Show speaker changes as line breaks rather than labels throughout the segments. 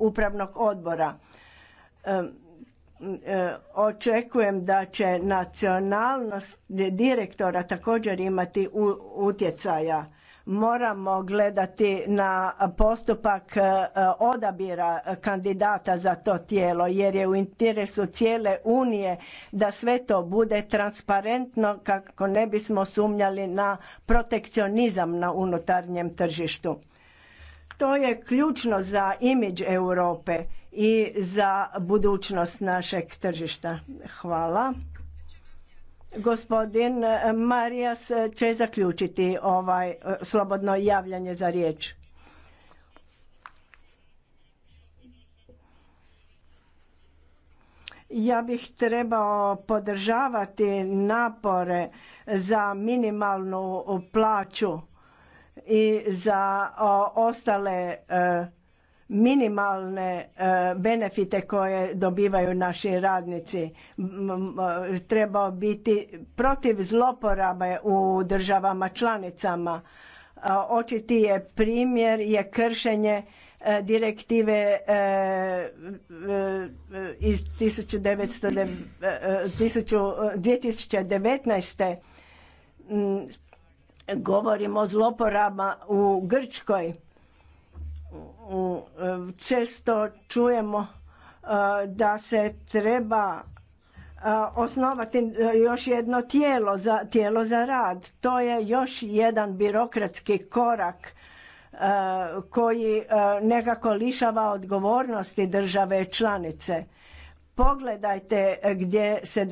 upravnog odbora. E, očekujem da će nacionalnost direktora također imati utjecaja. Moramo gledati na postupak e, odabira kandidata za to tijelo jer je u interesu cijele unije da sve to bude transparentno kako ne bismo sumnjali na protekcionizam na unutarnjem tržištu to je ključno za imidž Europe i za budućnost našeg tržišta. Hvala. Gospodin Marijas će zaključiti ovaj eh, slobodno javljanje za riječ. Ja bih trebao podržavati napore za minimalnu plaću i za ostale e, minimalne e, benefite koje dobivaju naši radnici. Trebao biti protiv zloporabe u državama članicama. E, očiti je primjer je kršenje direktive iz 1900, 2019 Govorimo o zloporama u Grčkoj. E, često čujemo e, da se treba e, osnovati još jedno tijelo za, tijelo za rad. To je još jedan birokratski korak koji nekako lišava odgovornosti države članice. Pogledajte gdje se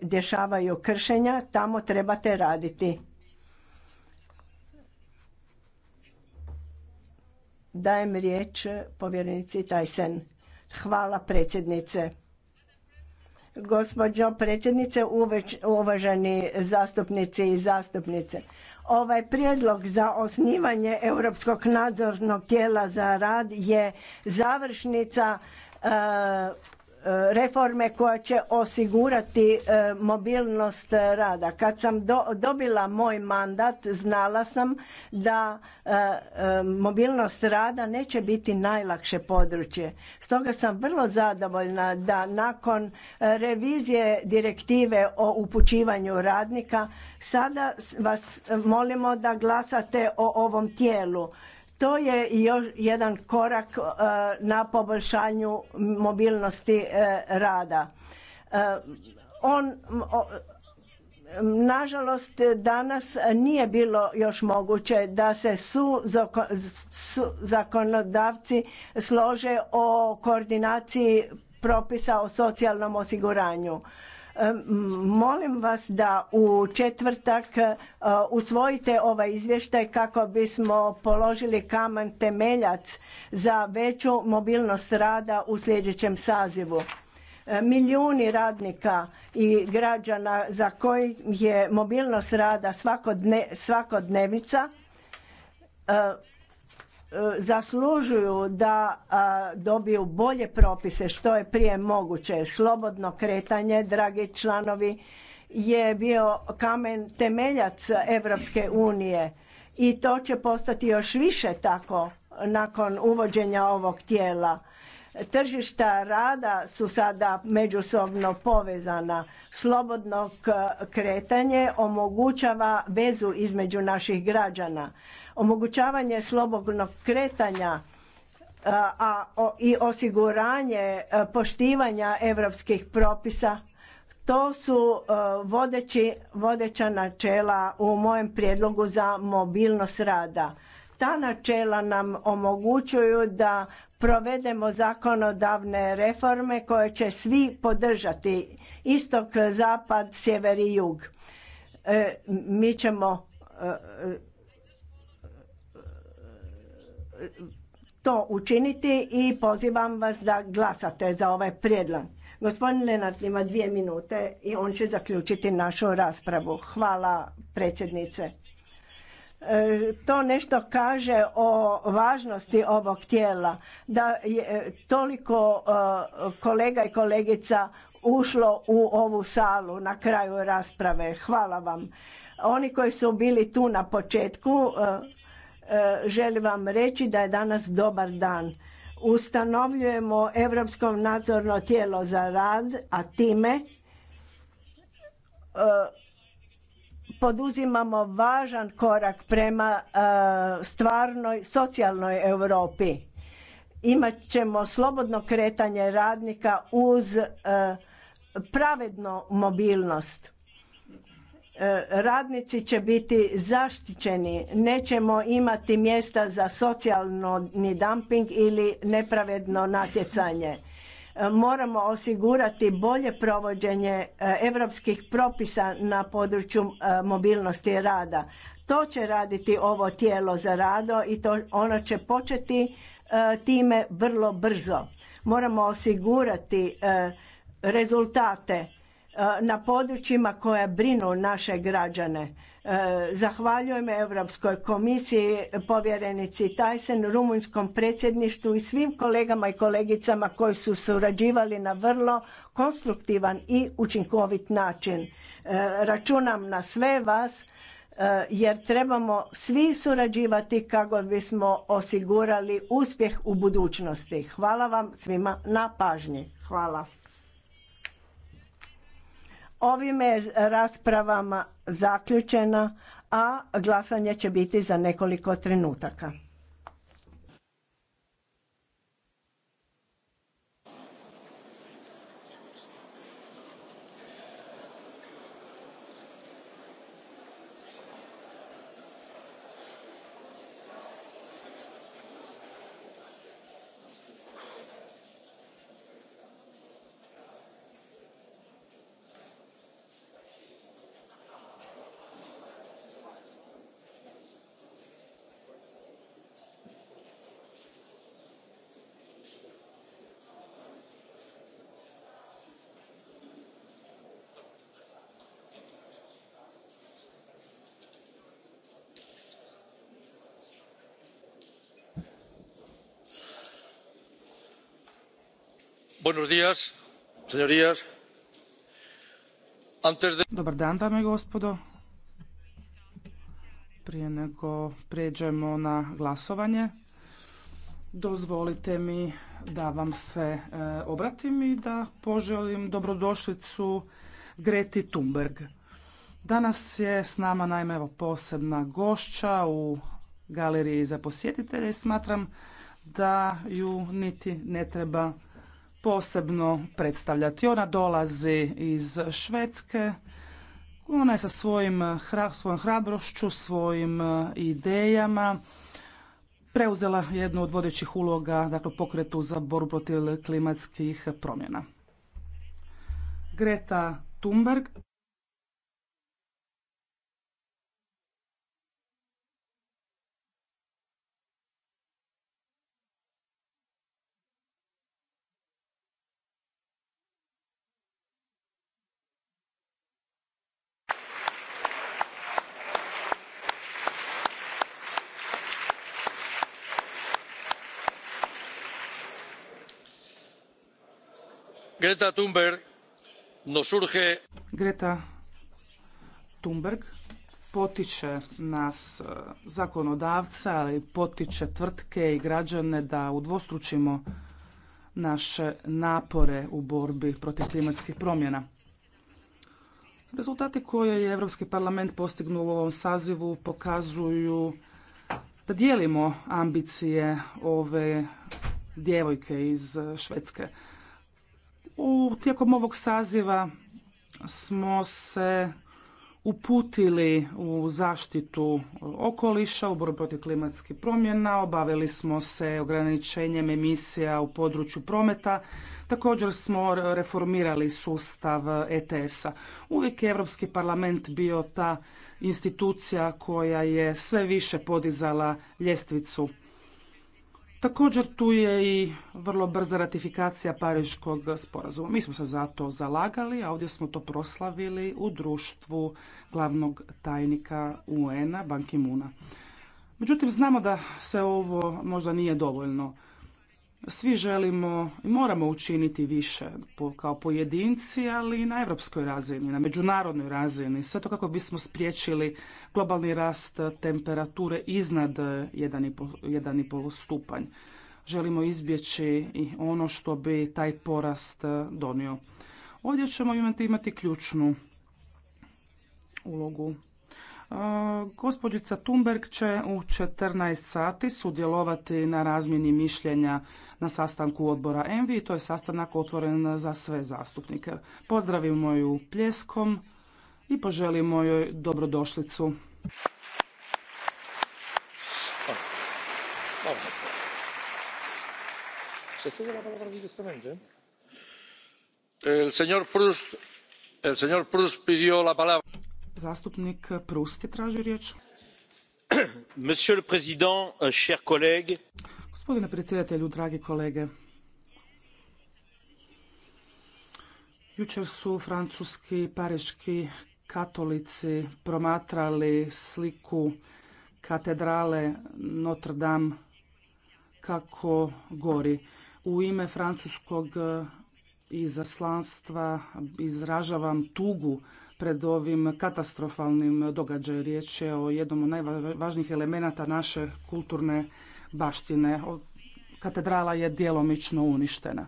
dešavaju kršenja, tamo trebate raditi. Dajem riječ povjerenici Tajsen. Hvala predsjednice. Gospođo predsjednice, uvaženi zastupnici i zastupnice. Ovaj prijedlog za osnivanje Europskog nadzornog tijela za rad je završnica e, reforme koja će osigurati e, mobilnost rada. Kad sam dobila moj mandat, znala sam da e, e, mobilnost rada neće biti najlakše područje. Stoga sam vrlo zadovoljna da nakon revizije direktive o upućivanju radnika sada vas molimo da glasate o ovom tijelu to je još jedan korak e, na poboljšanju mobilnosti e, rada. E, on, nažalost, danas nije bilo još moguće da se su, zakonodavci slože o koordinaciji propisa o socijalnom osiguranju. Molim vas da u četvrtak e, usvojite ovaj izvještaj kako bismo položili kamen temeljac za veću mobilnost rada u sljedećem sazivu. E, milijuni radnika i građana za koji je mobilnost rada svakodnevica, e, E, zaslužuju da dobiju bolje propise što je prije moguće. Slobodno kretanje, dragi članovi, je bio kamen temeljac Evropske unije i to će postati još više tako nakon uvođenja ovog tijela Tržišta rada su sada međusobno povezana. Slobodno kretanje omogućava vezu između naših građana. Omogućavanje slobodnog kretanja a i osiguranje e, poštivanja europskih propisa to su e, vodeći, vodeća načela u mojem prijedlogu za mobilnost rada. Ta načela nam omogućuju da provedemo zakonodavne reforme koje će svi podržati, istok, zapad, sjever i jug. E, mi ćemo e, e, to učiniti i pozivam vas da glasate za ovaj prijedlog. Gospodin Lenart ima dvije minute i on će zaključiti našu raspravu. Hvala predsjednice. E, to nešto kaže o važnosti ovog tijela da je e, toliko e, kolega i kolegica ušlo u ovu salu na kraju rasprave. Hvala vam. Oni koji su bili tu na početku želim vam reći da je danas dobar dan. Ustanovljujemo Europsko nadzorno tijelo za rad, a time poduzimamo važan korak prema e, stvarnoj socijalnoj Europi. Imat ćemo slobodno kretanje radnika uz e, pravednu mobilnost. E, radnici će biti zaštićeni, nećemo imati mjesta za socijalni dumping ili nepravedno natjecanje Moramo osigurati bolje provođenje europskih propisa na području e, mobilnosti rada. To će raditi ovo tijelo za rado i to ono će početi e, time vrlo brzo. Moramo osigurati e, rezultate E, na područjima koja brinu naše građane. E, zahvaljujem Europskoj komisiji, povjerenici Tajsen, rumunjskom predsjedništvu i svim kolegama i kolegicama koji su surađivali na vrlo konstruktivan i učinkovit način. E, računam na sve vas jer trebamo svi surađivati kako bismo osigurali uspjeh u budućnosti. Hvala vam svima na pažnji. Hvala. Ovime je raspravama zaključena, a glasanje će biti za nekoliko trenutaka.
Dobar dan, dame i gospodo. Prije nego prijeđemo na glasovanje, dozvolite mi da vam se e, obratim i da poželim dobrodošlicu Greti Thunberg. Danas je s nama naime evo posebna gošća u galeriji za posjetitelje i smatram da ju niti ne treba posebno predstavljati. Ona dolazi iz Švedske. Ona je sa svojim, svojom hrabrošću, svojim e, idejama preuzela jednu od vodećih uloga dakle, pokretu za borbu protiv klimatskih promjena. Greta Thunberg
Greta Thunberg
Greta Thunberg potiče nas e, zakonodavca, ali potiče tvrtke i građane da udvostručimo naše napore u borbi protiv klimatskih promjena. Rezultati koje je Europski parlament postignuo u ovom sazivu pokazuju da dijelimo ambicije ove djevojke iz Švedske. U tijekom ovog saziva smo se uputili u zaštitu okoliša, u borbu protiv klimatskih promjena, obavili smo se ograničenjem emisija u području prometa, također smo reformirali sustav ETS-a. Uvijek je Europski parlament bio ta institucija koja je sve više podizala ljestvicu Također tu je i vrlo brza ratifikacija Pariškog sporazuma. Mi smo se za to zalagali, a ovdje smo to proslavili u društvu glavnog tajnika UN-a, Ban muna Međutim, znamo da sve ovo možda nije dovoljno svi želimo i moramo učiniti više kao pojedinci, ali i na europskoj razini, na međunarodnoj razini. Sve to kako bismo spriječili globalni rast temperature iznad 1,5 stupanj. Želimo izbjeći i ono što bi taj porast donio. Ovdje ćemo imati ključnu ulogu Gospođica Thunberg će u 14 sati sudjelovati na razmjeni mišljenja na sastanku odbora ENVI i to je sastanak otvoren za sve zastupnike. Pozdravimo ju pljeskom i poželimo joj dobrodošlicu.
El señor Proust, el señor pidió la palabra.
Zastupnik Prusti traži riječ.
Monsieur le Président, euh, chers collègues.
Gospodine predsjedatelju, dragi kolege. Jučer su francuski pariški katolici promatrali sliku katedrale Notre Dame kako gori. U ime francuskog izaslanstva izražavam tugu pred ovim katastrofalnim događajem. Riječ je o jednom od najvažnijih elemenata naše kulturne baštine. Katedrala je djelomično uništena.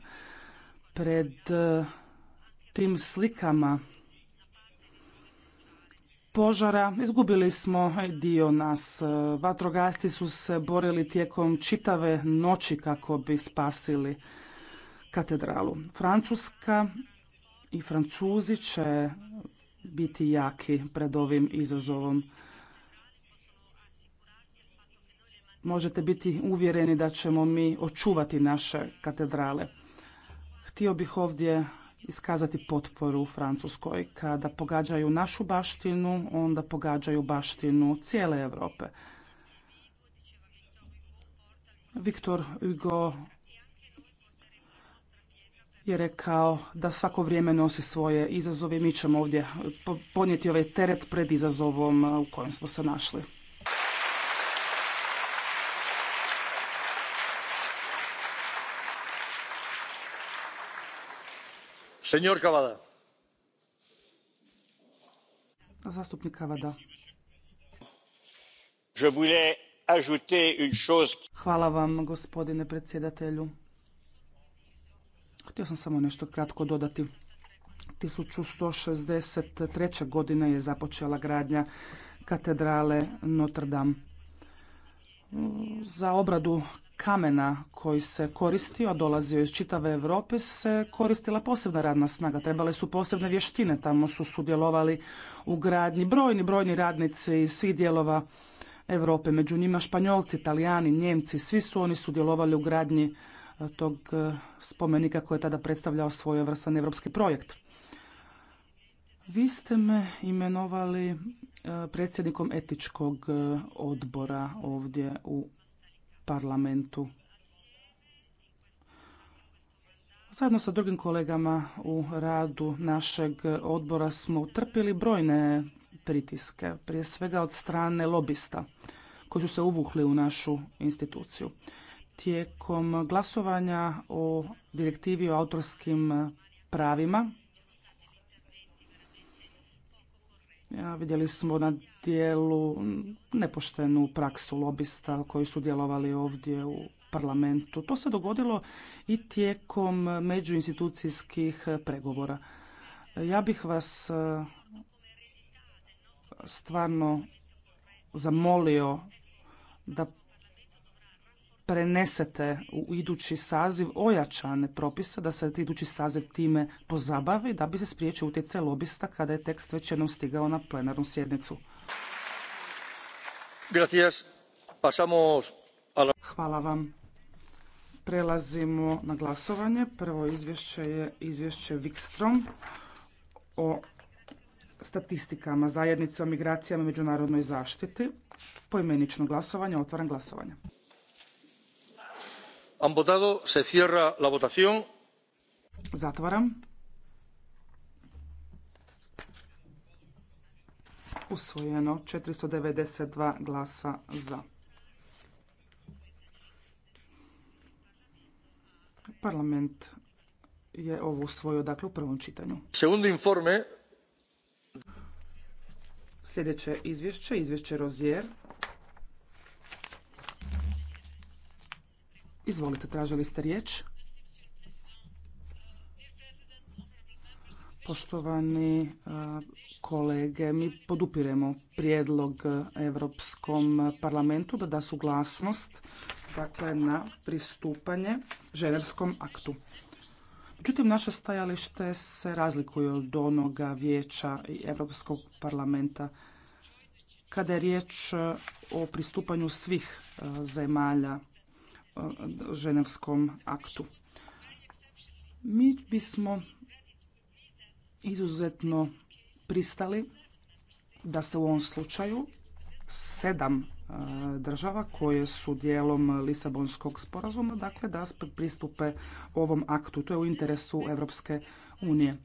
Pred e, tim slikama požara izgubili smo dio nas. Vatrogasci su se borili tijekom čitave noći kako bi spasili katedralu. Francuska i Francuzi će biti jaki pred ovim izazovom. Možete biti uvjereni da ćemo mi očuvati naše katedrale. Htio bih ovdje iskazati potporu Francuskoj. Kada pogađaju našu baštinu, onda pogađaju baštinu cijele Europe. Viktor Hugo je rekao da svako vrijeme nosi svoje izazove i mi ćemo ovdje podnijeti ovaj teret pred izazovom uh, u kojem smo se našli.
Senjor Kavada.
Zastupnik Kavada. Hvala vam, gospodine predsjedatelju. Htio sam samo nešto kratko dodati. 1163. godine je započela gradnja katedrale Notre Dame. Za obradu kamena koji se koristio, a dolazio iz čitave Europe, se koristila posebna radna snaga. Trebale su posebne vještine. Tamo su sudjelovali u gradnji brojni, brojni radnici iz svih dijelova Europe. Među njima Španjolci, Italijani, Njemci, svi su oni sudjelovali u gradnji tog e, spomenika koji je tada predstavljao svojevrstan evropski projekt. Vi ste me imenovali e, predsjednikom etičkog e, odbora ovdje u parlamentu. Zajedno sa drugim kolegama u radu našeg odbora smo utrpili brojne pritiske, prije svega od strane lobista koji su se uvukli u našu instituciju tijekom glasovanja o direktivi o autorskim pravima. Ja, vidjeli smo na dijelu nepoštenu praksu lobista koji su djelovali ovdje u parlamentu. To se dogodilo i tijekom međuinstitucijskih pregovora. Ja bih vas eh, stvarno zamolio da prenesete u idući saziv ojačane propise, da se idući saziv time pozabavi, da bi se spriječio utjecaj lobista kada je tekst već jednom stigao na plenarnu sjednicu. Hvala vam. Prelazimo na glasovanje. Prvo izvješće je izvješće Wikstrom o statistikama zajednice o migracijama i međunarodnoj zaštiti. Poimenično glasovanje, otvaram glasovanje
han votado se cierra la votación
zatvaram usvojeno 492 glasa za parlament je ovo usvojio dakle u prvom čitanju
segundo informe
sljedeće izvješće izvješće rozjer Izvolite, tražili ste riječ. Poštovani e, kolege, mi podupiremo prijedlog Europskom parlamentu da da suglasnost dakle, na pristupanje Ženevskom aktu. Međutim, naše stajalište se razlikuje od onoga vijeća i Europskog parlamenta kada je riječ o pristupanju svih e, zemalja ženevskom aktu. Mi bismo izuzetno pristali da se u ovom slučaju sedam e, država koje su dijelom Lisabonskog sporazuma, dakle da pristupe ovom aktu. To je u interesu Europske unije.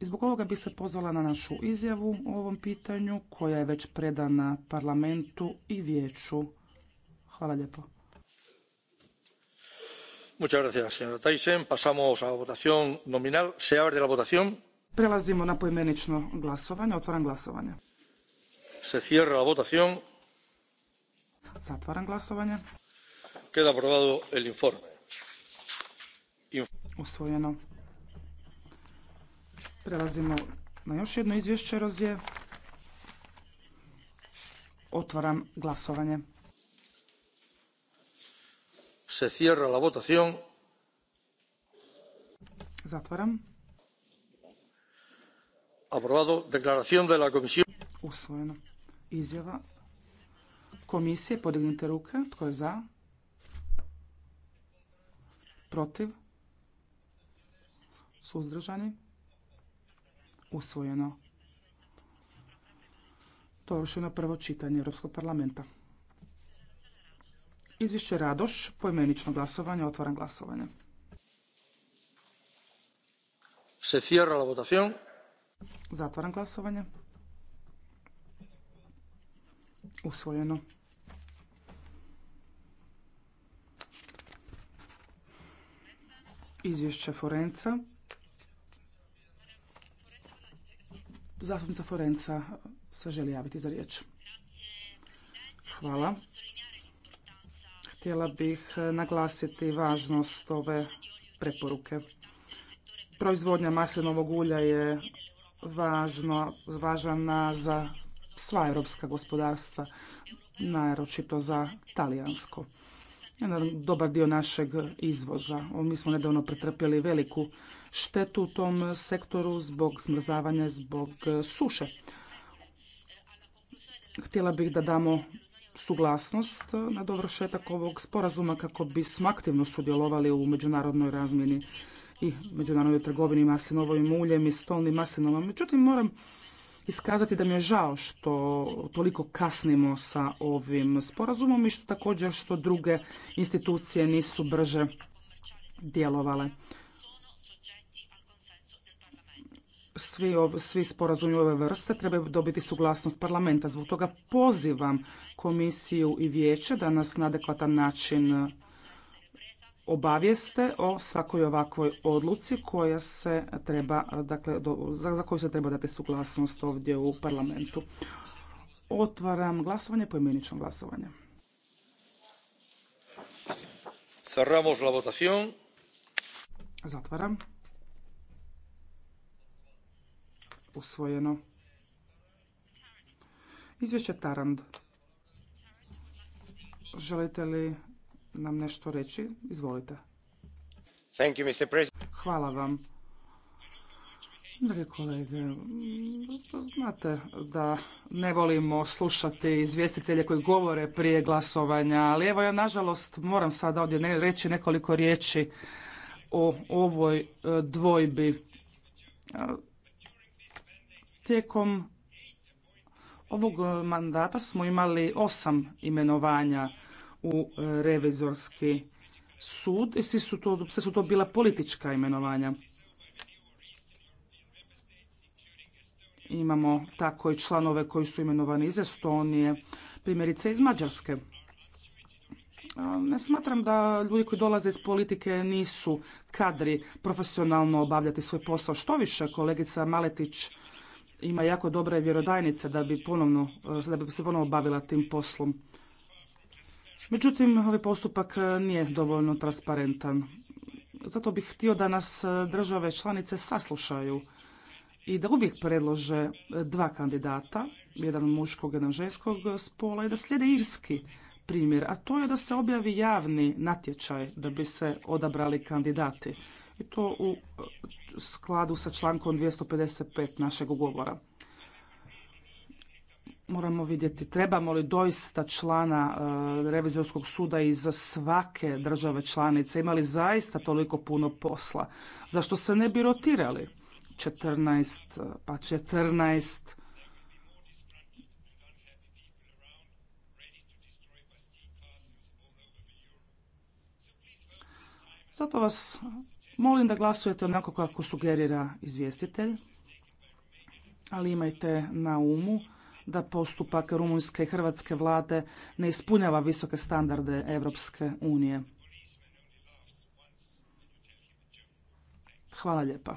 I zbog ovoga bi se pozvala na našu izjavu o ovom pitanju koja je već predana parlamentu i vijeću Hvala lijepo.
Muchas gracias, señora Tyson. Pasamos a votación nominal. Se abre la votación.
Prelazimo na poimenično glasovanje. Otvaram glasovanje.
Se cierra la votación.
Zatvaram glasovanje.
Queda aprobado el informe.
Usvojeno. Prelazimo na još jedno izvješće Otvaram glasovanje
se cierra la votación zatvaram aprobado declaración de la comisión
usvojeno izjava komisije podignite ruke tko je za protiv suzdržani usvojeno dovršeno prvo čitanje europskog parlamenta Izvješće Radoš, poimenično glasovanje, otvaram glasovanje.
Se cierra la votación.
Zatvaram glasovanje. Usvojeno. Izvješće Forenca. Zastupnica Forenca se želi javiti za riječ. Hvala. Htjela bih e, naglasiti važnost ove preporuke. Proizvodnja maslinovog ulja je važno, za sva europska gospodarstva, naročito za talijansko. Jedan dobar dio našeg izvoza. Mi smo nedavno pretrpjeli veliku štetu u tom sektoru zbog smrzavanja, zbog e, suše. Htjela bih da damo suglasnost na dovršetak ovog sporazuma kako bismo aktivno sudjelovali u međunarodnoj razmjeni i međunarodnoj trgovini maslinovim uljem i stolnim maslinama. Međutim, moram iskazati da mi je žao što toliko kasnimo sa ovim sporazumom i što također što druge institucije nisu brže djelovale. svi, svi sporazumi ove vrste trebaju dobiti suglasnost parlamenta. Zbog toga pozivam komisiju i vijeće da nas na adekvatan način e, obavijeste o svakoj ovakvoj odluci koja se treba, dakle, za koju se treba dati suglasnost ovdje u parlamentu. Otvaram glasovanje, imeničnom glasovanje. Cerramos Zatvaram. usvojeno. Izvješće Tarand. Želite li nam nešto reći? Izvolite. Hvala vam. Dragi kolege, znate da ne volimo slušati izvjestitelje koji govore prije glasovanja, ali evo ja nažalost moram sada ovdje reći nekoliko riječi o ovoj e, dvojbi. Tijekom ovog e, mandata smo imali osam imenovanja u e, revizorski sud i sve su to bila politička imenovanja. Imamo tako i članove koji su imenovani iz Estonije, primjerice iz Mađarske. E, ne smatram da ljudi koji dolaze iz politike nisu kadri profesionalno obavljati svoj posao. Što više, kolegica Maletić ima jako dobre vjerodajnice da bi, ponovno, e, da bi se ponovno bavila tim poslom. Međutim, ovaj postupak e, nije dovoljno transparentan. Zato bih htio da nas e, države članice saslušaju i da uvijek predlože dva kandidata, jedan muškog, jedan ženskog spola i da slijede irski primjer, a to je da se objavi javni natječaj da bi se odabrali kandidati i to u e, skladu sa člankom 255 našeg ugovora. Moramo vidjeti trebamo li doista člana e, revizorskog suda i za svake države članice. Imali zaista toliko puno posla. Zašto se ne bi rotirali? 14, e, pa 14, Zato vas Molim da glasujete onako kako sugerira izvjestitelj, ali imajte na umu da postupak rumunjske i hrvatske vlade ne ispunjava visoke standarde Europske unije. Hvala lijepa.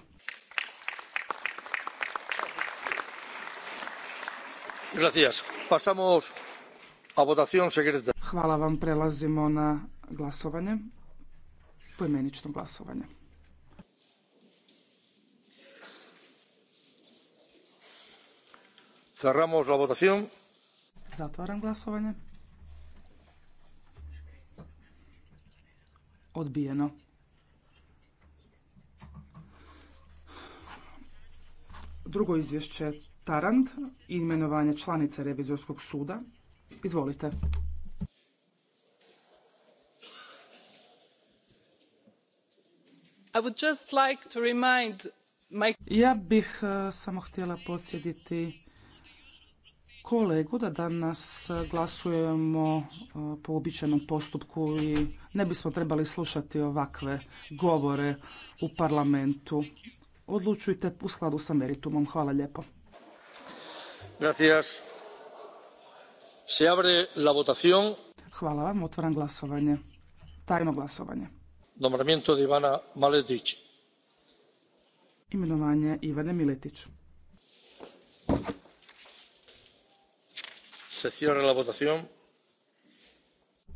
Hvala vam, prelazimo na glasovanje, poimenično glasovanje.
Cerramos la votación.
Zatvaram glasovanje. Odbijeno. Drugo izvješće Tarant. imenovanje članice revizorskog suda. Izvolite. I would just like to remind Ja bih e, samo htjela podsjetiti kolegu da danas glasujemo e, po običajnom postupku i ne bismo trebali slušati ovakve govore u parlamentu. Odlučujte u skladu sa meritumom. Hvala lijepo. Se Hvala vam. Otvaram glasovanje. Tajno glasovanje.
Nombramiento Ivana
Imenovanje Ivane Miletić. la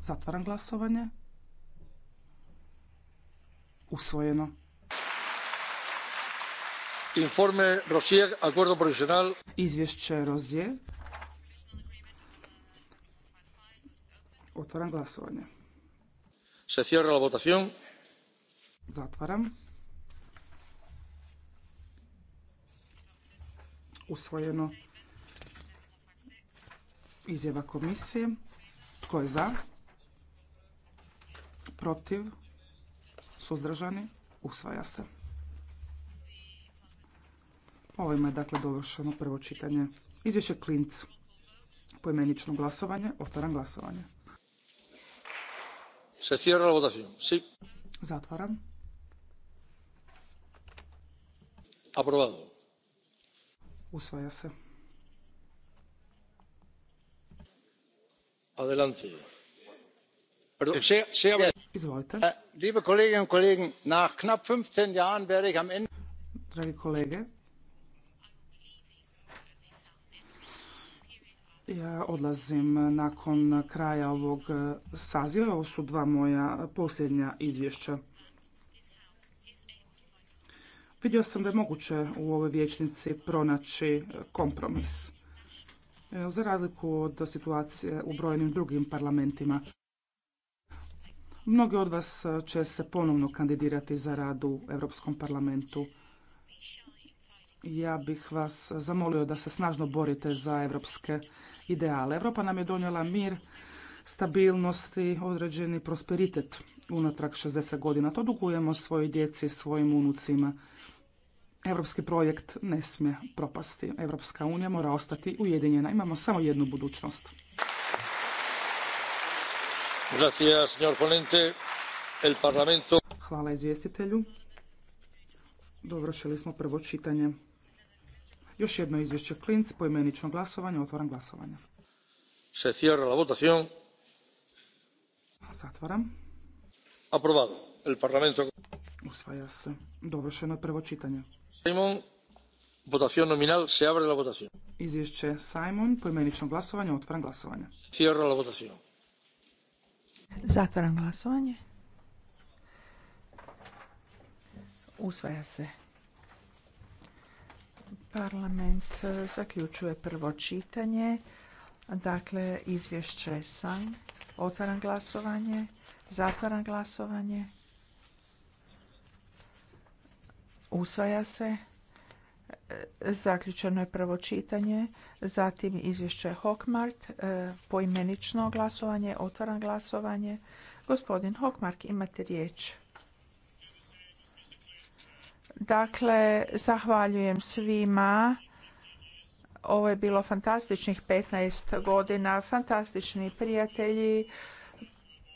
Zatvaram glasovanje. Usvojeno.
Informe Rosier, acuerdo provisional.
Izvješće Rosier. Otvaram glasovanje.
Se cierra la votación.
Zatvaram. Usvojeno. Izjava komisije. Tko je za? Protiv? Suzdržani? Usvaja se. Ovime je dakle dovršeno prvo čitanje. Izvješće Klinc. Poimenično glasovanje. Otvaram glasovanje.
Se votación. Sí. Zatvaram. Aprobado.
Usvaja se. Izvolite.
Äh, liebe Kolleginnen und Kollegen, nach knapp 15 Jahren werde ich am Ende... Dragi kolege,
Ja odlazim nakon kraja ovog e, saziva. Ovo su dva moja posljednja izvješća. Vidio sam da je moguće u ovoj vijećnici pronaći e, kompromis za razliku od situacije u brojnim drugim parlamentima. Mnogi od vas e, će se ponovno kandidirati za rad u Europskom parlamentu. Ja bih vas zamolio da se snažno borite za evropske ideale. Europa nam je donijela mir, stabilnost i određeni prosperitet unatrag 60 godina. To dugujemo svojoj djeci, svojim unucima. Europski projekt ne smije propasti. Europska unija mora ostati ujedinjena. Imamo samo jednu budućnost. Hvala izvjestitelju. Dovršili smo prvo čitanje. Još jedno izvješće Klinc, poimenično glasovanje, otvaram glasovanje.
Se cierra la votación.
Zatvaram. Usvaja se. Dovršeno je prvo čitanje. Izvješće Simon, poimenično glasovanje, otvaram glasovanje.
Zatvaram glasovanje. Usvaja se. Parlament e, zaključuje prvo čitanje. Dakle, izvješće sam. Otvaram glasovanje. Zatvaram glasovanje. Usvaja se. E, zaključeno je prvo čitanje, zatim izvješće Hokmart, e, poimenično glasovanje, otvaram glasovanje. Gospodin Hokmark, imate riječ. Dakle, zahvaljujem svima. Ovo je bilo fantastičnih 15 godina, fantastični prijatelji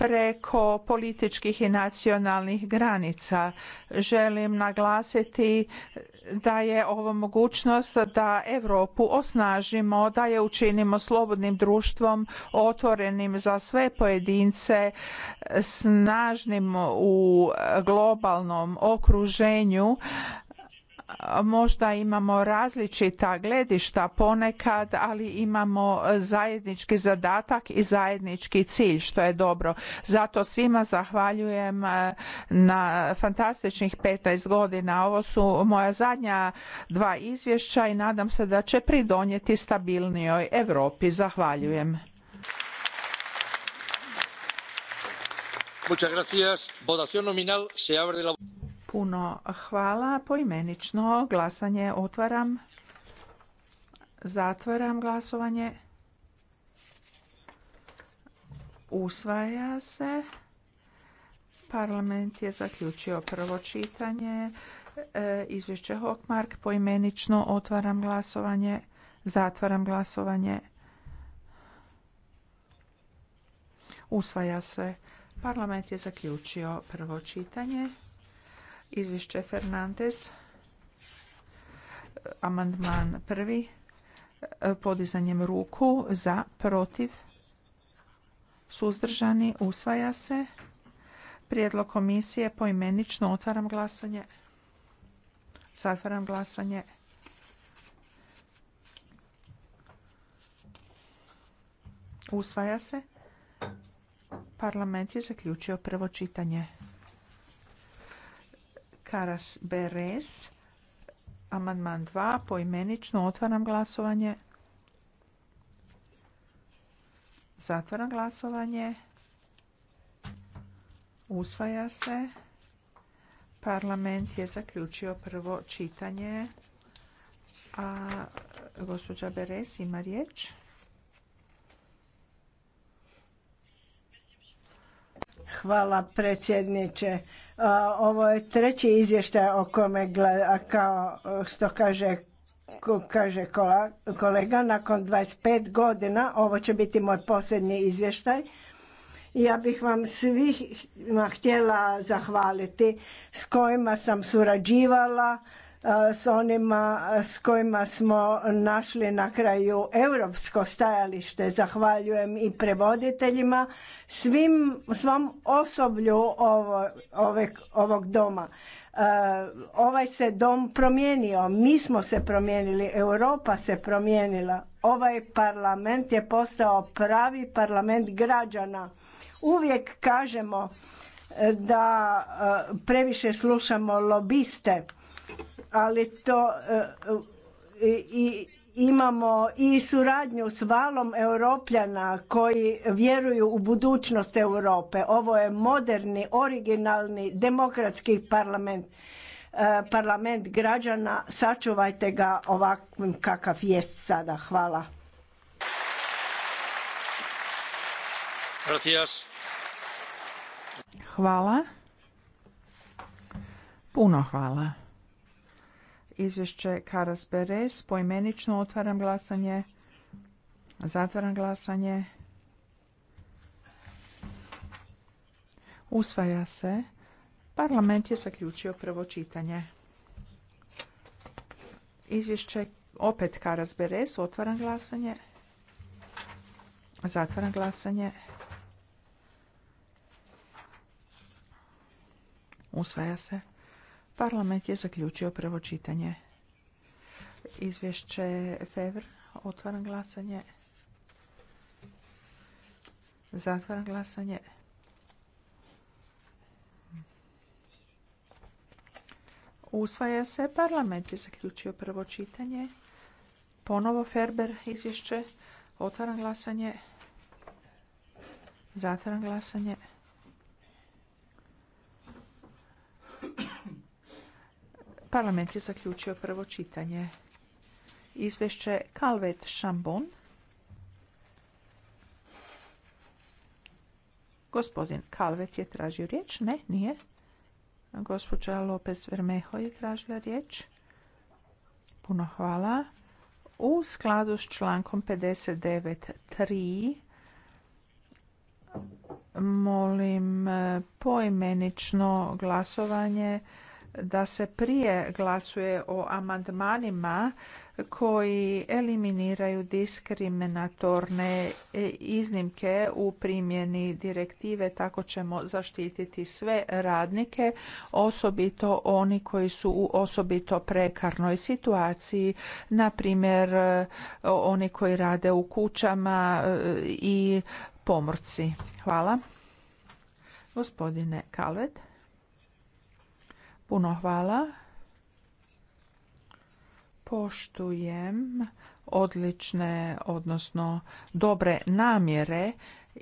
preko političkih i nacionalnih granica. Želim naglasiti da je ovo mogućnost da Europu osnažimo, da je učinimo slobodnim društvom, otvorenim za sve pojedince, snažnim u globalnom okruženju možda imamo različita gledišta ponekad, ali imamo zajednički zadatak i zajednički cilj, što je dobro. Zato svima zahvaljujem e, na fantastičnih petnaest godina. Ovo su moja zadnja dva izvješća i nadam se da će pridonijeti stabilnijoj Europi. Zahvaljujem. Puno hvala. Poimenično glasanje otvaram. Zatvaram glasovanje. Usvaja se. Parlament je zaključio prvo čitanje. E, izvješće Hokmark. Poimenično otvaram glasovanje. Zatvaram glasovanje. Usvaja se. Parlament je zaključio prvo čitanje. Izvješće Fernandez. Amandman prvi. Podizanjem ruku za, protiv, suzdržani, usvaja se. Prijedlog komisije poimenično otvaram glasanje. Zatvaram glasanje. Usvaja se. Parlament je zaključio prvo čitanje. Karas Beres. Amandman 2. Poimenično otvaram glasovanje. Zatvaram glasovanje. Usvaja se. Parlament je zaključio prvo čitanje.
A gospođa Beres ima riječ. Hvala predsjedniče. Ovo je treći izvještaj o kome kao e, što kaže kaže kolega, nakon 25 godina, ovo će biti moj posljednji izvještaj, ja bih vam svih htjela zahvaliti s kojima sam surađivala, s onima s kojima smo našli na kraju europsko stajalište. Zahvaljujem i prevoditeljima, svim, svom osoblju ovog doma. ovaj se dom promijenio, mi smo se promijenili, Europa se promijenila. Ovaj parlament je postao pravi parlament građana. Uvijek kažemo e, da e, previše slušamo lobiste ali to e, e, i imamo i suradnju s valom europljana koji vjeruju u budućnost Europe. Ovo je moderni, originalni, demokratski parlament. E, parlament građana, sačuvajte ga ovakvim kakav jest sada. Hvala. Hvala.
Puno hvala izvješće Karas Beres, Poimenično otvaram glasanje. Zatvaram glasanje. Usvaja se. Parlament je zaključio prvo čitanje. Izvješće opet Karas Beres, Otvaram glasanje. Zatvaram glasanje. Usvaja se. Parlament je zaključio prvo čitanje. Izvješće Fevr. Otvaram glasanje. Zatvaram glasanje. Usvaja se. Parlament je zaključio prvo čitanje. Ponovo Ferber izvješće. Otvaram glasanje. Zatvaram glasanje. Parlament je zaključio prvo čitanje. Izvješće Calvet Šambon. Gospodin Calvet je tražio riječ. Ne, nije. Gospođa Lopez Vermeho je tražila riječ. Puno hvala. U skladu s člankom 59.3 molim e, poimenično glasovanje da se prije glasuje o amandmanima koji eliminiraju diskriminatorne iznimke u primjeni direktive tako ćemo zaštititi sve radnike osobito oni koji su u osobito prekarnoj situaciji na primjer oni koji rade u kućama e, i pomorci hvala gospodine Kalvet Puno hvala. Poštujem odlične, odnosno dobre namjere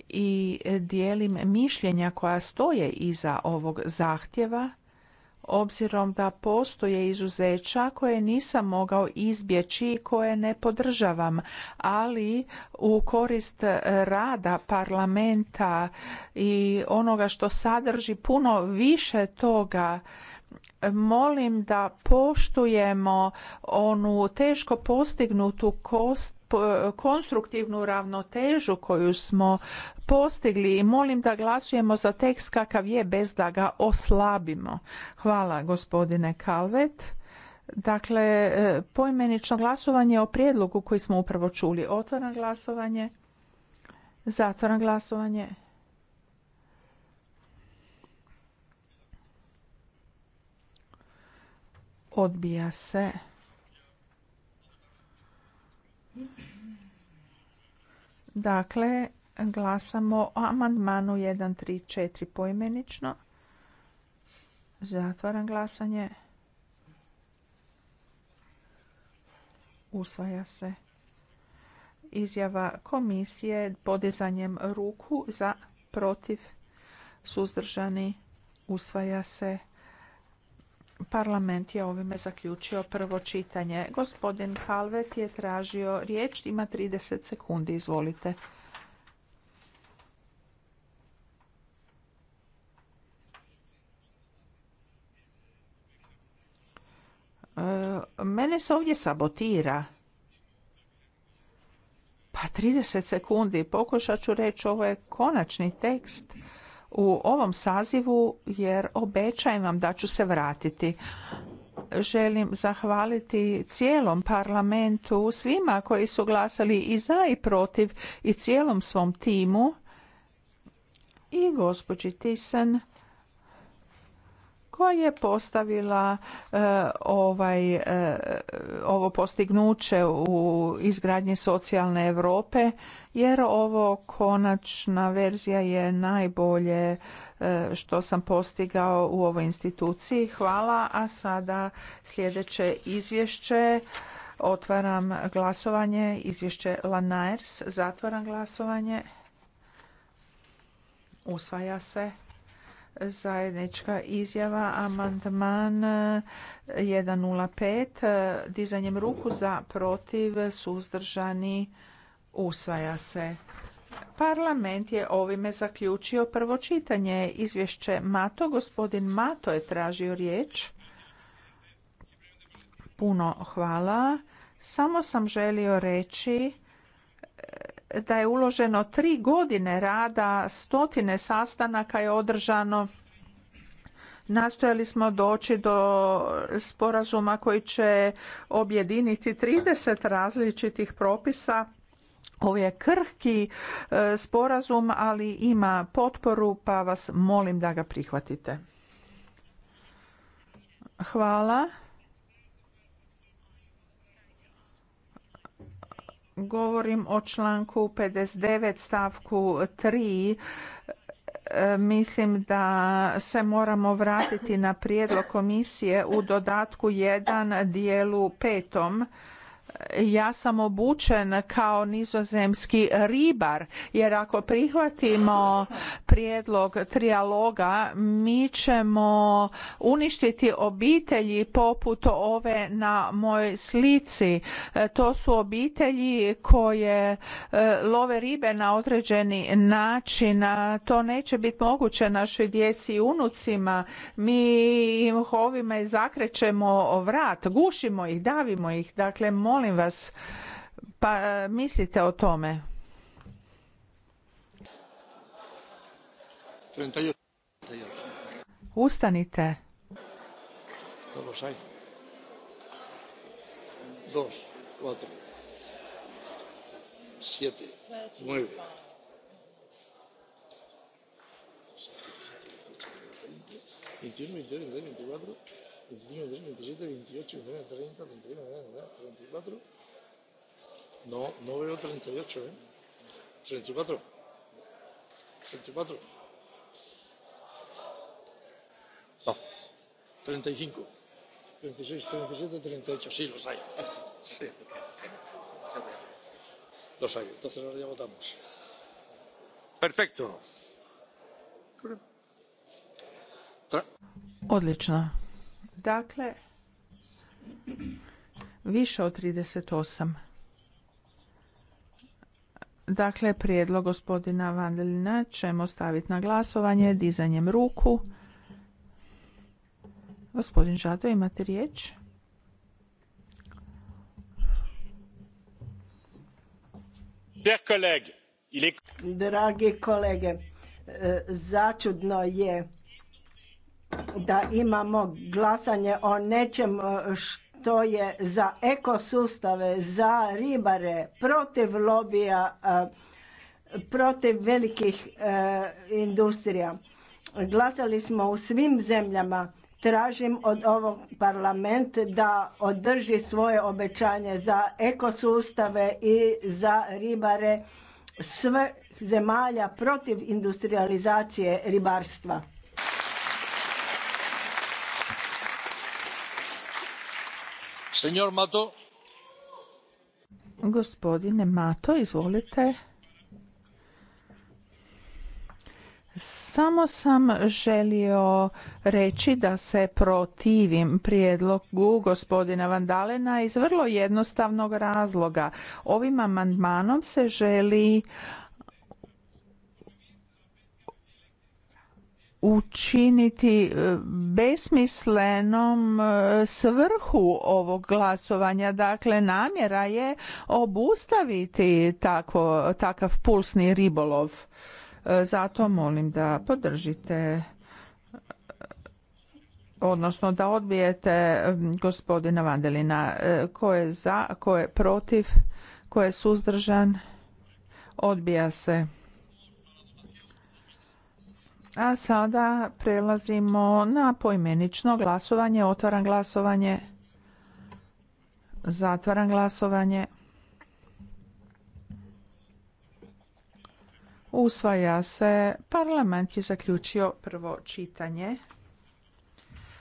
i dijelim mišljenja koja stoje iza ovog zahtjeva obzirom da postoje izuzeća koje nisam mogao izbjeći i koje ne podržavam, ali u korist rada parlamenta i onoga što sadrži puno više toga molim da poštujemo onu teško postignutu konstruktivnu ravnotežu koju smo postigli i molim da glasujemo za tekst kakav je bez da ga oslabimo. Hvala gospodine Kalvet. Dakle, e, poimenično glasovanje o prijedlogu koji smo upravo čuli. Otvaram glasovanje. Zatvaram glasovanje. Odbija se. Dakle, glasamo o amandmanu 1.3.4 poimenično. Zatvaram glasanje. Usvaja se. Izjava komisije podizanjem ruku za protiv suzdržani. Usvaja se. Parlament je ovime zaključio prvo čitanje. Gospodin Halvet je tražio riječ, ima 30 sekundi, izvolite. E, mene se ovdje sabotira. Pa 30 sekundi, pokušat ću reći, ovo je konačni tekst u ovom sazivu jer obećajem vam da ću se vratiti. Želim zahvaliti cijelom parlamentu, svima koji su glasali i za i protiv i cijelom svom timu i gospođi Tisen koja je postavila e, ovaj, e, ovo postignuće u izgradnji socijalne Europe jer ovo konačna verzija je najbolje e, što sam postigao u ovoj instituciji. Hvala, a sada sljedeće izvješće. Otvaram glasovanje, izvješće Lanaers, zatvaram glasovanje. Usvaja se zajednička izjava amandman 105 e, e, dizanjem ruku za protiv suzdržani usvaja se Parlament je ovime zaključio prvo čitanje izvješće Mato gospodin Mato je tražio riječ Puno hvala samo sam želio reći da je uloženo tri godine rada, stotine sastanaka je održano. Nastojali smo doći do sporazuma koji će objediniti 30 različitih propisa. Ovo je krhki e, sporazum, ali ima potporu, pa vas molim da ga prihvatite. Hvala. Govorim o članku 59 stavku 3 e, mislim da se moramo vratiti na prijedlog komisije u dodatku 1 dijelu petom ja sam obučen kao nizozemski ribar jer ako prihvatimo prijedlog trijaloga mi ćemo uništiti obitelji poput ove na mojoj slici e, to su obitelji koje e, love ribe na određeni način to neće biti moguće našoj djeci i unucima mi im ovime zakrećemo vrat gušimo ih davimo ih dakle molim vas, pa e, mislite o tome. 38. Ustanite.
Dos, cuatro, siete, nueve. 25, 27, 28, 29, 30, 31, 34. No, no veo 38, ¿eh? 34. 34. No. 35. 36, 37, 38. Sí, los hay. Sí. Los hay. Entonces ahora ya votamos. Perfecto.
Odlično. Dakle, više od 38. Dakle, prijedlog gospodina Vandelina ćemo staviti na glasovanje dizanjem ruku. Gospodin Žado, imate riječ?
Dragi kolege, e, začudno je da imamo glasanje o nečem e, što je za ekosustave, za ribare, protiv lobija, e, protiv velikih e, industrija. Glasali smo u svim zemljama. Tražim od ovog parlamenta da održi svoje obećanje za ekosustave i za ribare sve zemalja protiv industrializacije ribarstva.
Senjor Mato.
Gospodine Mato, izvolite. Samo sam želio reći da se protivim prijedlogu gospodina Vandalena iz vrlo jednostavnog razloga. Ovim amandmanom se želi učiniti e, besmislenom e, svrhu ovog glasovanja. Dakle, namjera je obustaviti tako, takav pulsni ribolov. E, zato molim da podržite odnosno da odbijete gospodina Vandelina ko je za, ko je protiv, ko je suzdržan, odbija se. A sada prelazimo na poimenično glasovanje. Otvaram glasovanje. Zatvaram glasovanje. Usvaja se. Parlament je zaključio prvo čitanje.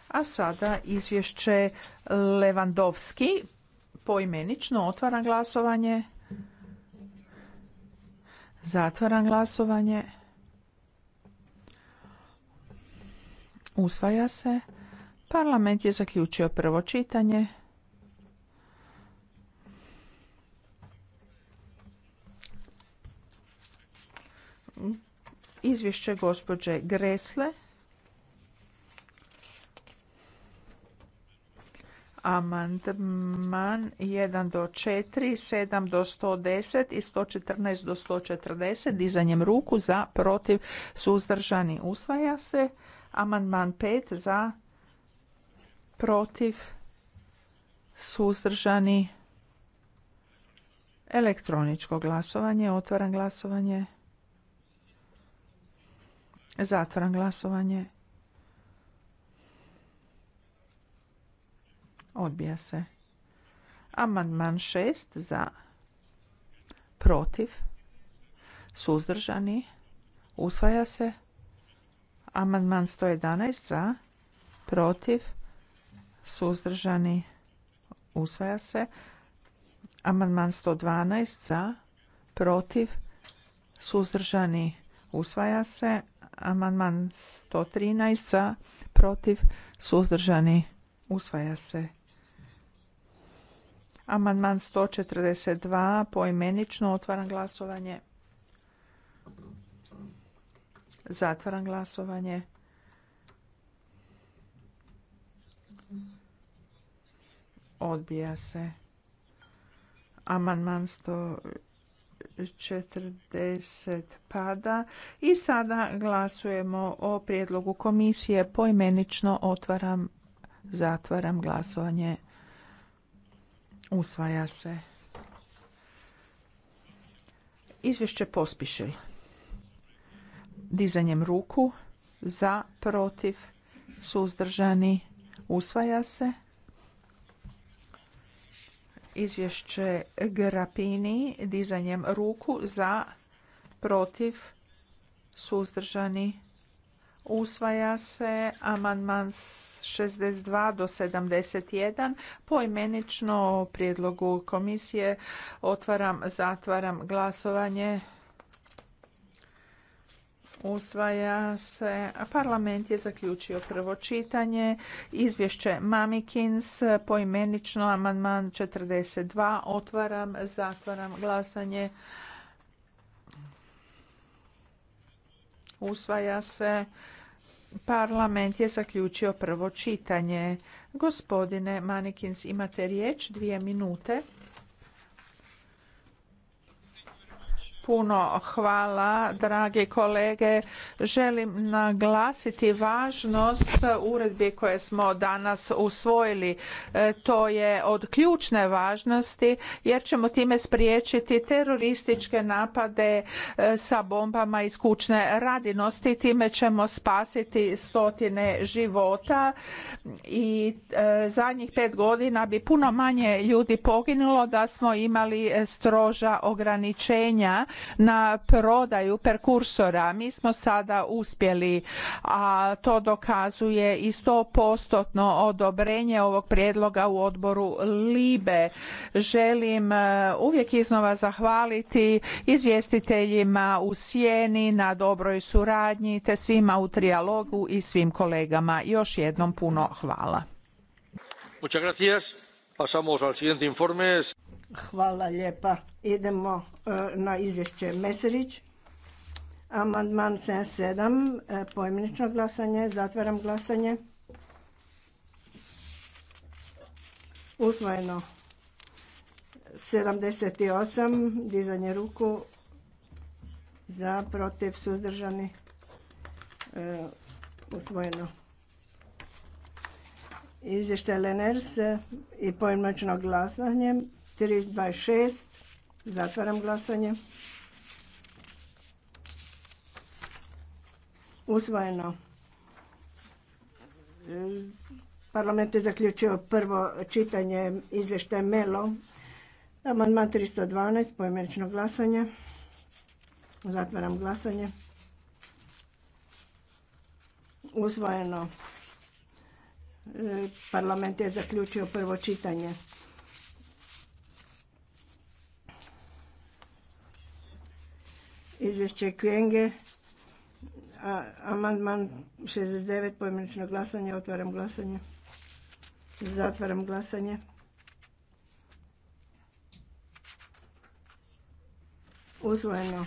A sada izvješće Levandovski. Poimenično otvaram glasovanje. Zatvaram glasovanje. Usvaja se. Parlament je zaključio prvo čitanje. Izvješće gospođe Gresle Amandman 1 do 4, 7 do 110 i 114 do 140 dizanjem ruku za protiv suzdržani usvaja se. Amandman 5 za protiv suzdržani elektroničko glasovanje. Otvaram glasovanje. Zatvaram glasovanje. Odbija se. Amandman 6 za protiv suzdržani usvaja se. Amandman 111 za protiv suzdržani usvaja se. Amandman 112 za protiv suzdržani usvaja se. Amandman 113 za protiv suzdržani usvaja se. Amandman 142 poimenično otvaram glasovanje. Zatvaram glasovanje. Odbija se. Amandman 140 pada. I sada glasujemo o prijedlogu komisije. Poimenično otvaram, zatvaram glasovanje. Usvaja se. Izvješće pospišil. Dizanjem ruku za, protiv, suzdržani. Usvaja se. Izvješće Grapini dizanjem ruku za, protiv, suzdržani. Usvaja se amandman 62 do 71 poimenično prijedlogu komisije otvaram zatvaram glasovanje usvaja se parlament je zaključio prvo čitanje izvješće Mamikins poimenično amandman 42 otvaram zatvaram glasanje usvaja se Parlament je zaključio prvo čitanje. Gospodine Manikins, imate riječ, dvije minute. puno hvala, dragi kolege. Želim naglasiti važnost uredbi koje smo danas usvojili. E, to je od ključne važnosti jer ćemo time spriječiti terorističke napade e, sa bombama iz kućne radinosti. Time ćemo spasiti stotine života i e, zadnjih pet godina bi puno manje ljudi poginulo da smo imali stroža ograničenja na prodaju perkursora. Mi smo sada uspjeli, a to dokazuje i postotno odobrenje ovog prijedloga u odboru LIBE. Želim e, uvijek iznova zahvaliti izvjestiteljima u Sjeni na dobroj suradnji te svima u trijalogu i svim kolegama. Još jednom puno hvala.
Muchas informe.
Hvala lijepa. Idemo e, na izvješće Meserić. Amandman 77, e, pojmenično glasanje, zatvaram glasanje. Usvojeno. 78, dizanje ruku za, protiv, suzdržani. E, usvojeno. Izvješće se i pojmenično glasanje, 326. Zatvaram glasanje. Usvojeno. Parlament je zaključio prvo čitanje izvještaja Melo. Amandman 312, pojmenično glasanje. Zatvaram glasanje. Usvojeno. Parlament je zaključio prvo čitanje. Izvješće a Amandman 69. Pojmenično glasanje. Otvaram glasanje. Zatvaram glasanje. Usvojeno.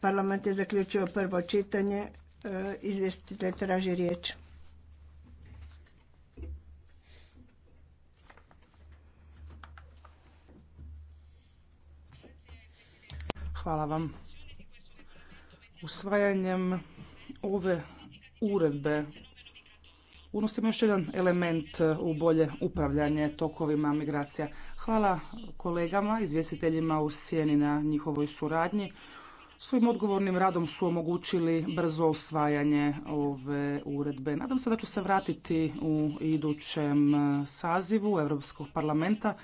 Parlament je zaključio prvo čitanje. E, izvjestitelj traži riječ.
Hvala vam. Usvajanjem ove uredbe unosimo još jedan element u bolje upravljanje tokovima migracija. Hvala kolegama, izvjestiteljima u sjeni na njihovoj suradnji. Svojim odgovornim radom su omogućili brzo usvajanje ove uredbe. Nadam se da ću se vratiti u idućem sazivu Europskog parlamenta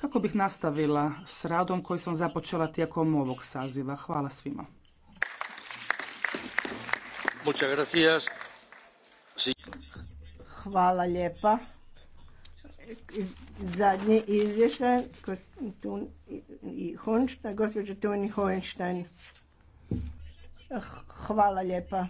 kako bih nastavila s radom koji sam započela tijekom ovog saziva. Hvala svima.
Hvala lijepa. Zadnji izvještaj gospođa Tuni Hohenstein. Hvala lijepa.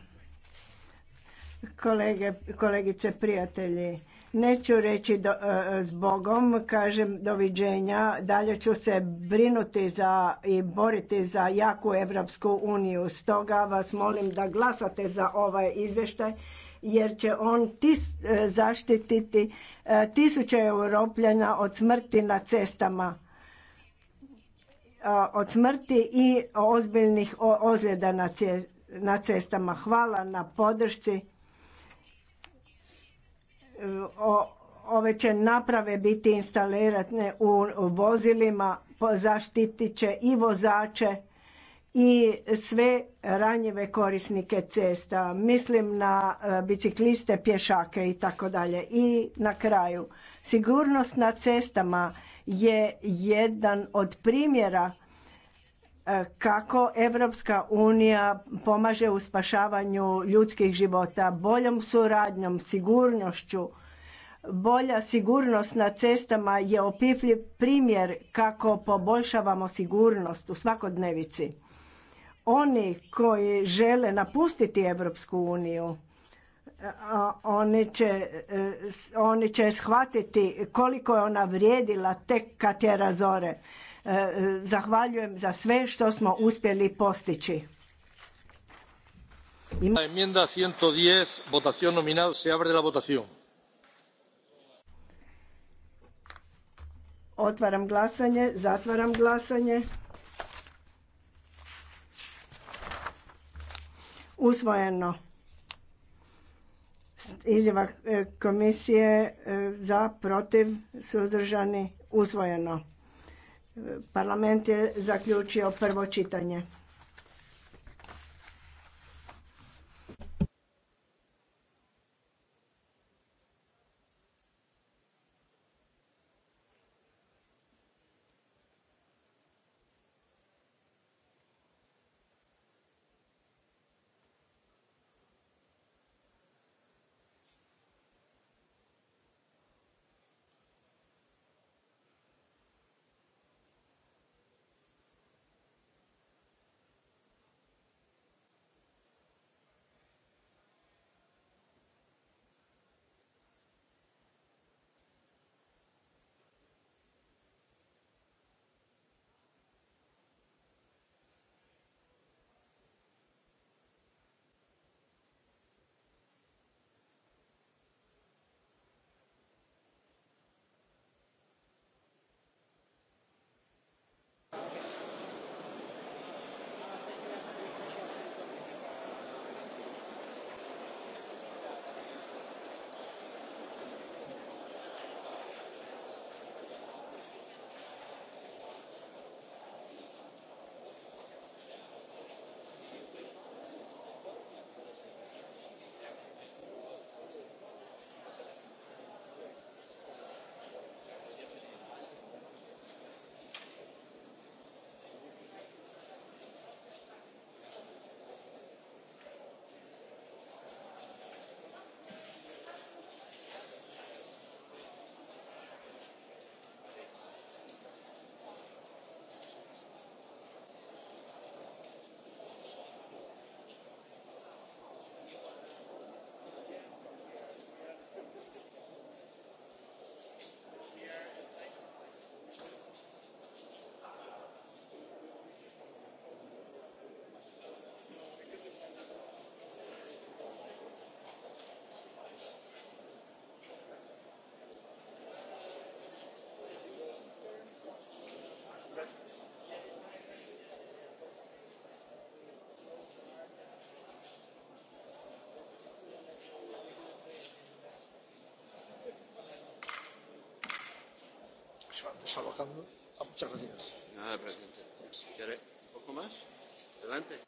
Kolege, kolegice, prijatelji Neću reći do, e, zbogom, kažem doviđenja, dalje ću se brinuti za i boriti za jaku Evropsku uniju. Stoga vas molim da glasate za ovaj izvještaj jer će on e, zaštititi e, tisuće europljana od smrti na cestama od smrti i ozbiljnih ozljeda na cestama. Hvala na podršci ove će naprave biti instalirane u vozilima, zaštitit će i vozače i sve ranjive korisnike cesta. Mislim na e, bicikliste, pješake i tako dalje. I na kraju, sigurnost na cestama je jedan od primjera E, kako Evropska unija pomaže u spašavanju ljudskih života boljom suradnjom, sigurnošću. Bolja sigurnost na cestama je opifljiv primjer kako poboljšavamo sigurnost u svakodnevici. Oni koji žele napustiti Evropsku uniju, e, oni će, e, oni će shvatiti koliko je ona vrijedila tek kad je razore E, e, zahvaljujem za sve što smo uspjeli postići. se Otvaram glasanje, zatvaram glasanje. Usvojeno. Izjava e, komisije za, protiv, suzdržani, usvojeno. Parlament je zaključio prvo čitanje.
a muchas gracias. Nada, presidente. ¿Un poco más? Adelante.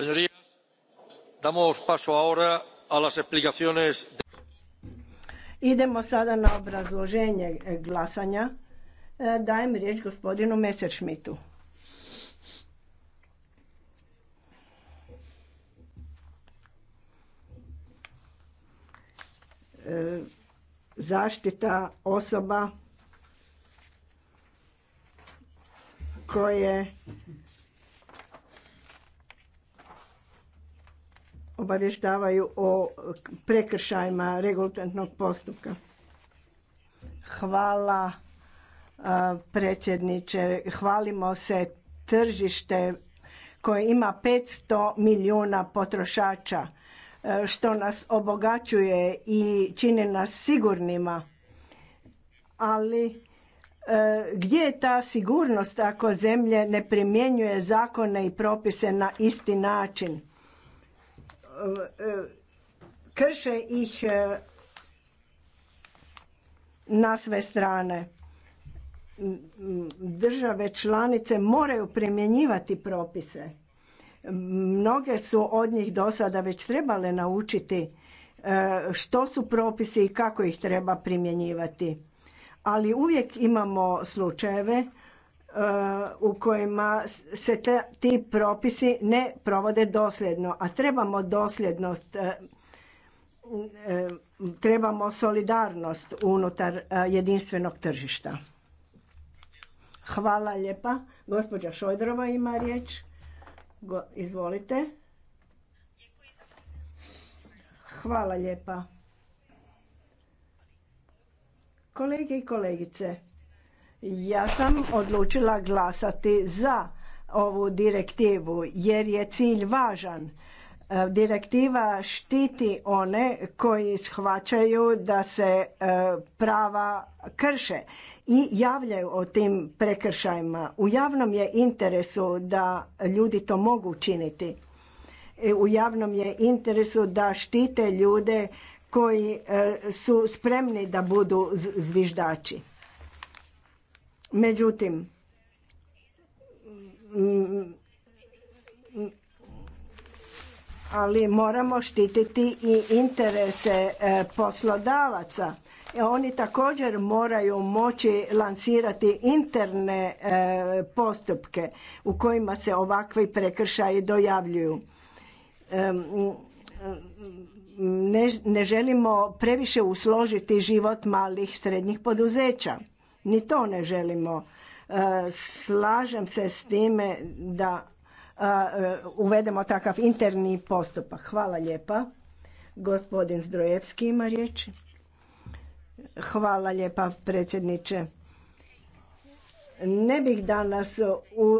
señorías damos paso ahora a las explicaciones.
idemo sada na obrazloženje e, glasanja. E, dajem riječ gospodinu Messerschmittu. E, zaštita osoba koje obavještavaju o prekršajima regulatnog postupka. Hvala predsjedniče. Hvalimo se tržište koje ima 500 milijuna potrošača što nas obogaćuje i čini nas sigurnima. Ali e, gdje je ta sigurnost ako zemlje ne primjenjuje zakone i propise na isti način? krše ih e, na sve strane. Države članice moraju primjenjivati propise. Mnoge su od njih do sada već trebale naučiti e, što su propisi i kako ih treba primjenjivati. Ali uvijek imamo slučajeve u kojima se te, ti propisi ne provode dosljedno, a trebamo dosljednost, e, e, trebamo solidarnost unutar e, jedinstvenog tržišta. Hvala lijepa. Gospođa Šojdrova ima riječ. Go, izvolite. Hvala lijepa. Kolege i kolegice, ja sam odlučila glasati za ovu direktivu jer je cilj važan. E, direktiva štiti one koji shvaćaju da se e, prava krše i javljaju o tim prekršajima. U javnom je interesu da ljudi to mogu učiniti. E, u javnom je interesu da štite ljude koji su spremni da budu zviždači. Međutim, ali moramo štititi i interese e, poslodavaca. E, oni također moraju moći lansirati interne e, postupke u kojima se ovakvi prekršaji dojavljuju. Ne želimo previše usložiti život malih srednjih poduzeća ni to ne želimo. E, slažem se s time da e, uvedemo takav interni postupak. Hvala lijepa. Gospodin Zdrojevski ima riječ. Hvala lijepa predsjedniče. Ne bih danas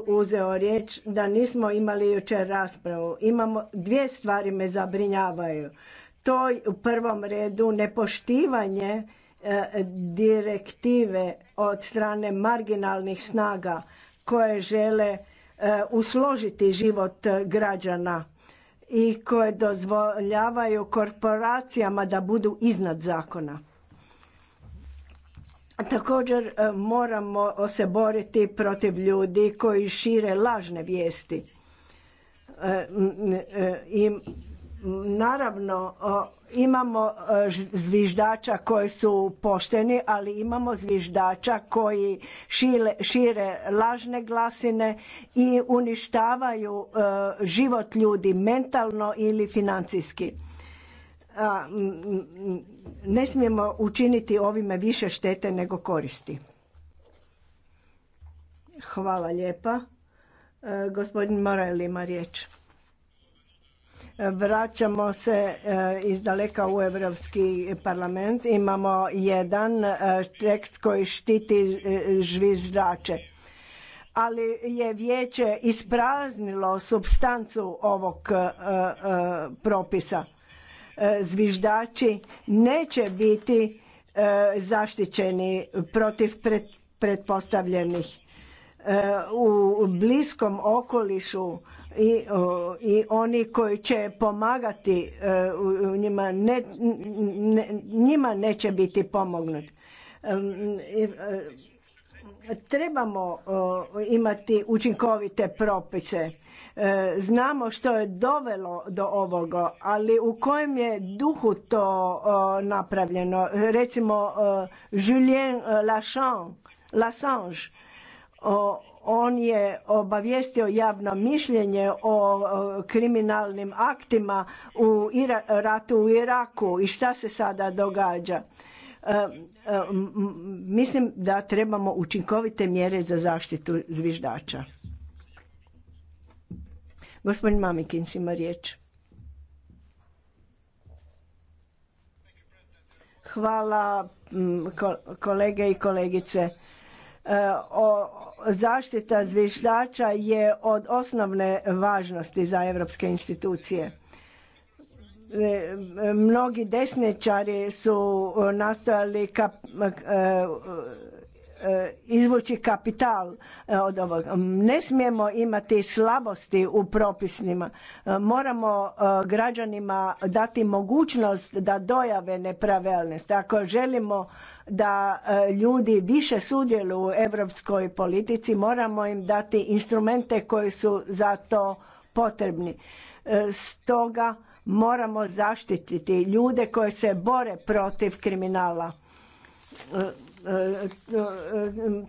uzeo riječ da nismo imali jučer raspravu. Imamo dvije stvari me zabrinjavaju. To je u prvom redu nepoštivanje e, direktive od strane marginalnih snaga koje žele e, usložiti život građana i koje dozvoljavaju korporacijama da budu iznad zakona. Također e, moramo se boriti protiv ljudi koji šire lažne vijesti e, i Naravno, imamo e, zviždača koji su pošteni, ali imamo zviždača koji šire lažne glasine i uništavaju e, život ljudi mentalno ili financijski. Ne smijemo učiniti ovime više štete nego koristi. Hvala lijepa. E, gospodin Morel ima riječ. Vraćamo se e, iz daleka u Europski parlament. Imamo jedan e, tekst koji štiti e, zviždače. Ali je vijeće ispraznilo substancu ovog propisa. Zviždači neće biti zaštićeni protiv pretpostavljenih. U bliskom okolišu i, oni koji će pomagati e, njima, ne, njima neće biti pomognut. E, trebamo imati učinkovite propise. E, znamo što je dovelo do ovoga, ali u kojem je duhu to napravljeno. Recimo Julien Lachange, Lassange, on je obavijestio javno mišljenje o kriminalnim aktima u ratu u Iraku i šta se sada događa. E, e, mislim da trebamo učinkovite mjere za zaštitu zviždača. Gospodin Mamikins ima riječ. Hvala kolege i kolegice E, zaštita zviždača je od osnovne važnosti za europske institucije. E, mnogi desničari su nastojali e, izvući kapital od ovog. Ne smijemo imati slabosti u propisnima. Moramo građanima dati mogućnost da dojave nepravilnosti. Ako želimo da e, ljudi više sudjeluju u europskoj politici, moramo im dati instrumente koji su za to potrebni. E, stoga moramo zaštititi ljude koji se bore protiv kriminala. E,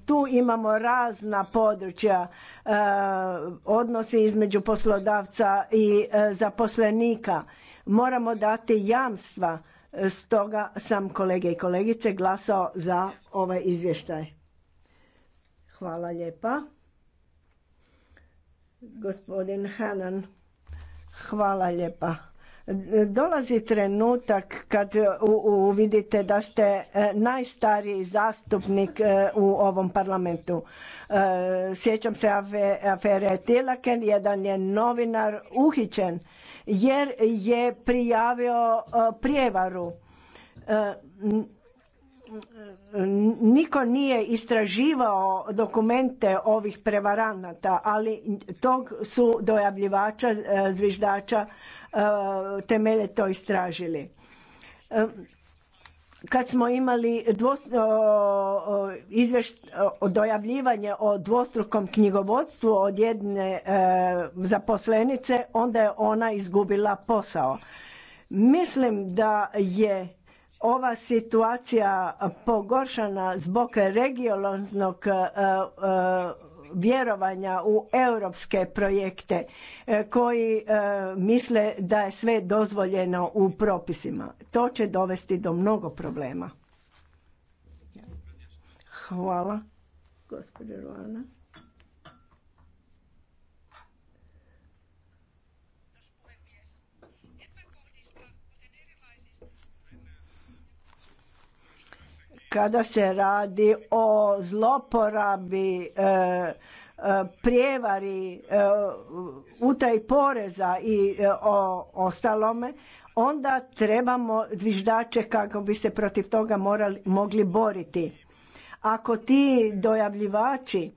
tu imamo razna područja odnosi između poslodavca i zaposlenika. Moramo dati jamstva Stoga sam kolege i kolegice glasao za ovaj izvještaj. Hvala lijepa. Gospodin Hanan, hvala lijepa. Dolazi trenutak kad uvidite da ste e, najstariji zastupnik e, u ovom parlamentu. E, sjećam se afere Tilaken, jedan je novinar uhićen jer je prijavio e, prijevaru e, niko nije istraživao dokumente ovih prevaranata, ali tog su dojavljivača, e, zviždača temelje to istražili kad smo imali dojavljivanje o dvostrukom knjigovodstvu od jedne e, zaposlenice, onda je ona izgubila posao. Mislim da je ova situacija pogoršana zbog regionalnog e, e, vjerovanja u europske projekte e, koji e, misle da je sve dozvoljeno u propisima. To će dovesti do mnogo problema. Hvala, gospođo kada se radi o zloporabi e, e, prijevari, e, utaj poreza i o ostalome, onda trebamo zviždače kako bi se protiv toga morali, mogli boriti. Ako ti dojavljivači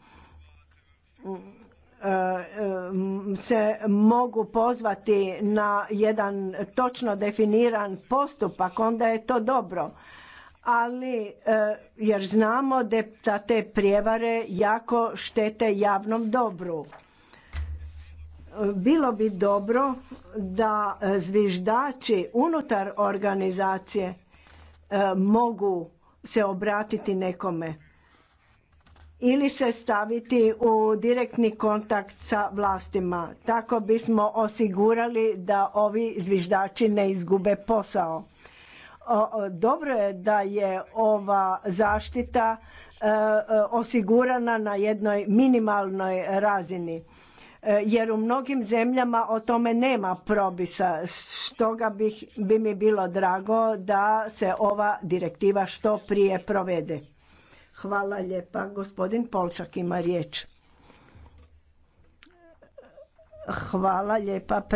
se mogu pozvati na jedan točno definiran postupak, onda je to dobro ali e, jer znamo da te prijevare jako štete javnom dobru. E, bilo bi dobro da e, zviždači unutar organizacije mogu se obratiti nekome ili se staviti u direktni kontakt sa vlastima. Tako bismo osigurali da ovi zviždači ne izgube posao dobro je da je ova zaštita e, e, osigurana na jednoj minimalnoj razini e, jer u mnogim zemljama o tome nema probisa. Stoga bih, bi mi bilo drago da se ova direktiva što prije provede. Hvala lijepa. Gospodin Polčak ima riječ. Hvala lijepa.